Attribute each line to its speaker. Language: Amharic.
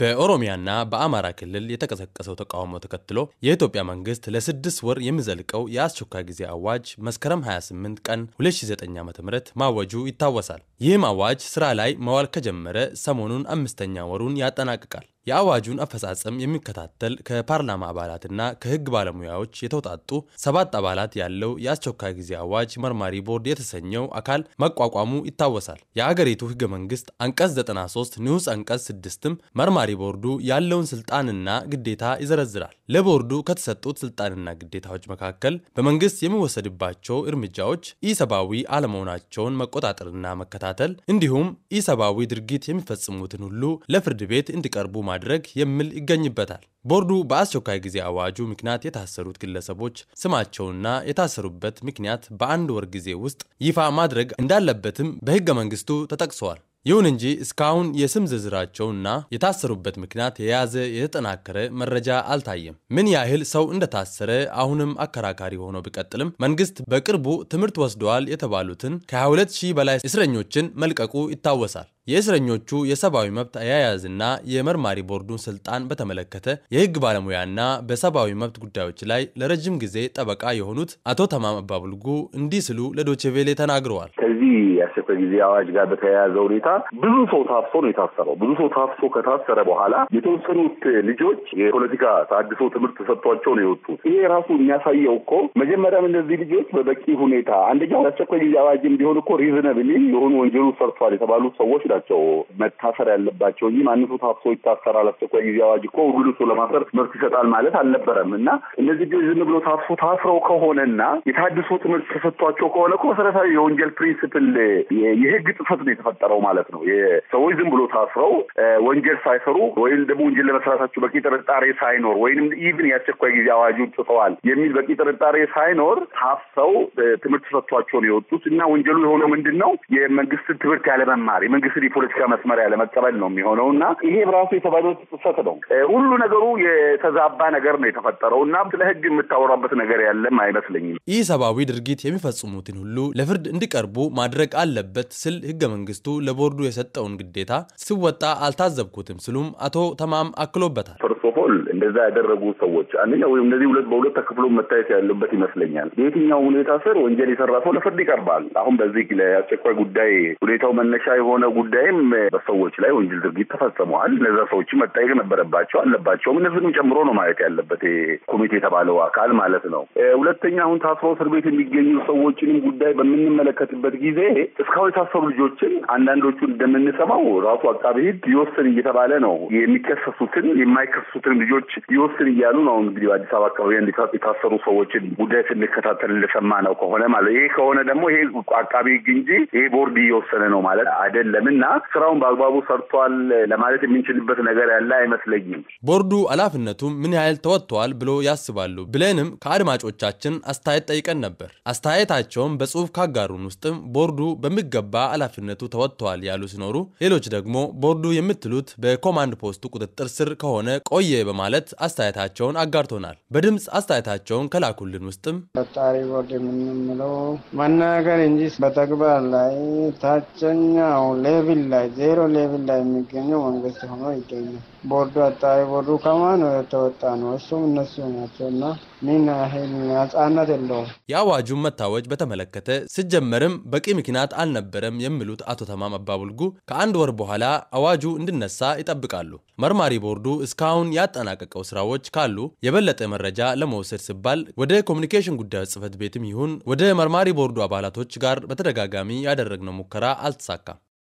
Speaker 1: በኦሮሚያና በአማራ ክልል የተቀሰቀሰው ተቃውሞ ተከትሎ የኢትዮጵያ መንግስት ለስድስት ወር የሚዘልቀው የአስቸኳይ ጊዜ አዋጅ መስከረም 28 ቀን 2009 ዓ ም ማወጁ ይታወሳል። ይህም አዋጅ ስራ ላይ መዋል ከጀመረ ሰሞኑን አምስተኛ ወሩን ያጠናቅቃል። የአዋጁን አፈጻጸም የሚከታተል ከፓርላማ አባላትና ከህግ ባለሙያዎች የተውጣጡ ሰባት አባላት ያለው የአስቸኳይ ጊዜ አዋጅ መርማሪ ቦርድ የተሰኘው አካል መቋቋሙ ይታወሳል። የአገሪቱ ህገ መንግስት አንቀጽ 93 ንዑስ አንቀጽ ስድስትም መርማሪ ቦርዱ ያለውን ስልጣንና ግዴታ ይዘረዝራል። ለቦርዱ ከተሰጡት ስልጣንና ግዴታዎች መካከል በመንግስት የሚወሰድባቸው እርምጃዎች ኢሰብአዊ አለመሆናቸውን መቆጣጠርና መከታተል እንዲሁም ኢሰብአዊ ድርጊት የሚፈጽሙትን ሁሉ ለፍርድ ቤት እንዲቀርቡ ማ ማድረግ የሚል ይገኝበታል። ቦርዱ በአስቸኳይ ጊዜ አዋጁ ምክንያት የታሰሩት ግለሰቦች ስማቸውና የታሰሩበት ምክንያት በአንድ ወር ጊዜ ውስጥ ይፋ ማድረግ እንዳለበትም በህገ መንግስቱ ተጠቅሰዋል። ይሁን እንጂ እስካሁን የስም ዝርዝራቸውና የታሰሩበት ምክንያት የያዘ የተጠናከረ መረጃ አልታየም። ምን ያህል ሰው እንደታሰረ አሁንም አከራካሪ ሆኖ ቢቀጥልም መንግስት በቅርቡ ትምህርት ወስደዋል የተባሉትን ከ22 ሺህ በላይ እስረኞችን መልቀቁ ይታወሳል። የእስረኞቹ የሰብአዊ መብት አያያዝና የመርማሪ ቦርዱን ስልጣን በተመለከተ የህግ ባለሙያና በሰብአዊ መብት ጉዳዮች ላይ ለረጅም ጊዜ ጠበቃ የሆኑት አቶ ተማም አባቡልጉ እንዲህ ስሉ ለዶቼቬሌ ተናግረዋል።
Speaker 2: ከዚህ ከአስቸኳይ ጊዜ አዋጅ ጋር በተያያዘ ሁኔታ ብዙ ሰው ታፍሶ ነው የታሰረው። ብዙ ሰው ታፍሶ ከታሰረ በኋላ የተወሰኑት ልጆች የፖለቲካ ታድሶ ትምህርት ተሰጥቷቸው ነው የወጡት። ይሄ ራሱ የሚያሳየው እኮ መጀመሪያም እነዚህ ልጆች በበቂ ሁኔታ አንደኛ አስቸኳይ ጊዜ አዋጅም ቢሆን እኮ ሪዝነብሊ የሆኑ ወንጀሉ ሰርቷል የተባሉ ሰዎች ናቸው መታሰር ያለባቸው እንጂ ማንሱ ታፍሶ ይታሰራል። አስቸኳይ ጊዜ አዋጅ እኮ ሁሉ ሰው ለማሰር መብት ይሰጣል ማለት አልነበረም እና እነዚህ ልጆች ዝም ብሎ ታፍሶ ታስረው ከሆነና የታድሶ ትምህርት ተሰጥቷቸው ከሆነ እኮ መሰረታዊ የወንጀል ፕሪንስፕል የህግ ጥፈት ነው የተፈጠረው ማለት ነው። ሰዎች ዝም ብሎ ታስረው ወንጀል ሳይሰሩ ወይም ደግሞ ወንጀል ለመስራታቸው በቂ ጥርጣሬ ሳይኖር ወይም ኢቭን የአስቸኳይ ጊዜ አዋጁን ጥሰዋል የሚል በቂ ጥርጣሬ ሳይኖር ታፍሰው ትምህርት ተሰጥቷቸው ነው የወጡት እና ወንጀሉ የሆነው ምንድን ነው? የመንግስትን ትምህርት ያለመማር የመንግስትን የፖለቲካ መስመር ያለመቀበል ነው የሚሆነው እና ይሄ ራሱ የሰብአዊ መብት ጥሰት ነው። ሁሉ ነገሩ የተዛባ ነገር ነው የተፈጠረው እና ስለ ህግ የምታወራበት ነገር ያለም አይመስለኝም።
Speaker 1: ይህ ሰብአዊ ድርጊት የሚፈጽሙትን ሁሉ ለፍርድ እንዲቀርቡ ማድረግ አለ አለበት ስል ህገ መንግስቱ ለቦርዱ የሰጠውን ግዴታ ስወጣ አልታዘብኩትም ስሉም አቶ ተማም አክሎበታል።
Speaker 2: ሶፎል እንደዛ ያደረጉ ሰዎች አንደኛ ወይም እነዚህ ሁለት በሁለት ተከፍሎ መታየት ያለበት ይመስለኛል። የትኛው ሁኔታ ስር ወንጀል የሰራ ሰው ለፍርድ ይቀርባል። አሁን በዚህ ለአስቸኳይ ጉዳይ ሁኔታው መነሻ የሆነ ጉዳይም በሰዎች ላይ ወንጀል ድርጊት ተፈጽመዋል። እነዛ ሰዎች መጠየቅ ነበረባቸው አለባቸውም። እነዚህም ጨምሮ ነው ማየት ያለበት ኮሚቴ የተባለው አካል ማለት ነው። ሁለተኛ አሁን ታስሮ እስር ቤት የሚገኙ ሰዎችንም ጉዳይ በምንመለከትበት ጊዜ እስካሁን የታሰሩ ልጆችን አንዳንዶቹ እንደምንሰማው ራሱ አቃቢ ህግ ይወስን እየተባለ ነው የሚከሰሱትን የማይከሱ የተነሱትን ልጆች ይወስን እያሉ ነው እንግዲህ በአዲስ አበባ አካባቢ የታሰሩ ሰዎችን ጉዳይ ስንከታተል እንደሰማ ነው ከሆነ ማለት ይሄ ከሆነ ደግሞ ይሄ አቃቢ ህግ እንጂ ይሄ ቦርድ እየወሰነ ነው ማለት አይደለም እና ስራውን በአግባቡ ሰርቷል ለማለት የምንችልበት ነገር
Speaker 1: ያለ አይመስለኝም። ቦርዱ አላፍነቱም ምን ያህል ተወጥተዋል ብሎ ያስባሉ ብለንም ከአድማጮቻችን አስተያየት ጠይቀን ነበር። አስተያየታቸውን በጽሁፍ ካጋሩን ውስጥም ቦርዱ በሚገባ ኃላፊነቱ ተወጥተዋል ያሉ ሲኖሩ፣ ሌሎች ደግሞ ቦርዱ የምትሉት በኮማንድ ፖስቱ ቁጥጥር ስር ከሆነ ቆየ በማለት አስተያየታቸውን አጋርቶናል። በድምፅ አስተያየታቸውን ከላኩልን ውስጥም ፈጣሪ ቦርድ የምንምለው መናገር እንጂ በተግባር ላይ ታችኛው ሌቪል ላይ ዜሮ ሌቪል ላይ የሚገኘው መንግስት ሆኖ ይገኛል። ቦርዱ አጣሪ ቦርዱ ከማን የተወጣ ነው? እሱም እነሱ ናቸው እና ምን ያህል ነጻነት የለውም። የአዋጁን መታወጅ በተመለከተ ሲጀመርም በቂ ምክንያት አልነበረም የሚሉት አቶ ተማም አባቡልጉ ከአንድ ወር በኋላ አዋጁ እንዲነሳ ይጠብቃሉ። መርማሪ ቦርዱ እስካሁን ያጠናቀቀው ስራዎች ካሉ የበለጠ መረጃ ለመውሰድ ሲባል ወደ ኮሚኒኬሽን ጉዳዮች ጽህፈት ቤትም ይሁን ወደ መርማሪ ቦርዱ አባላቶች ጋር በተደጋጋሚ ያደረግነው ሙከራ አልተሳካም።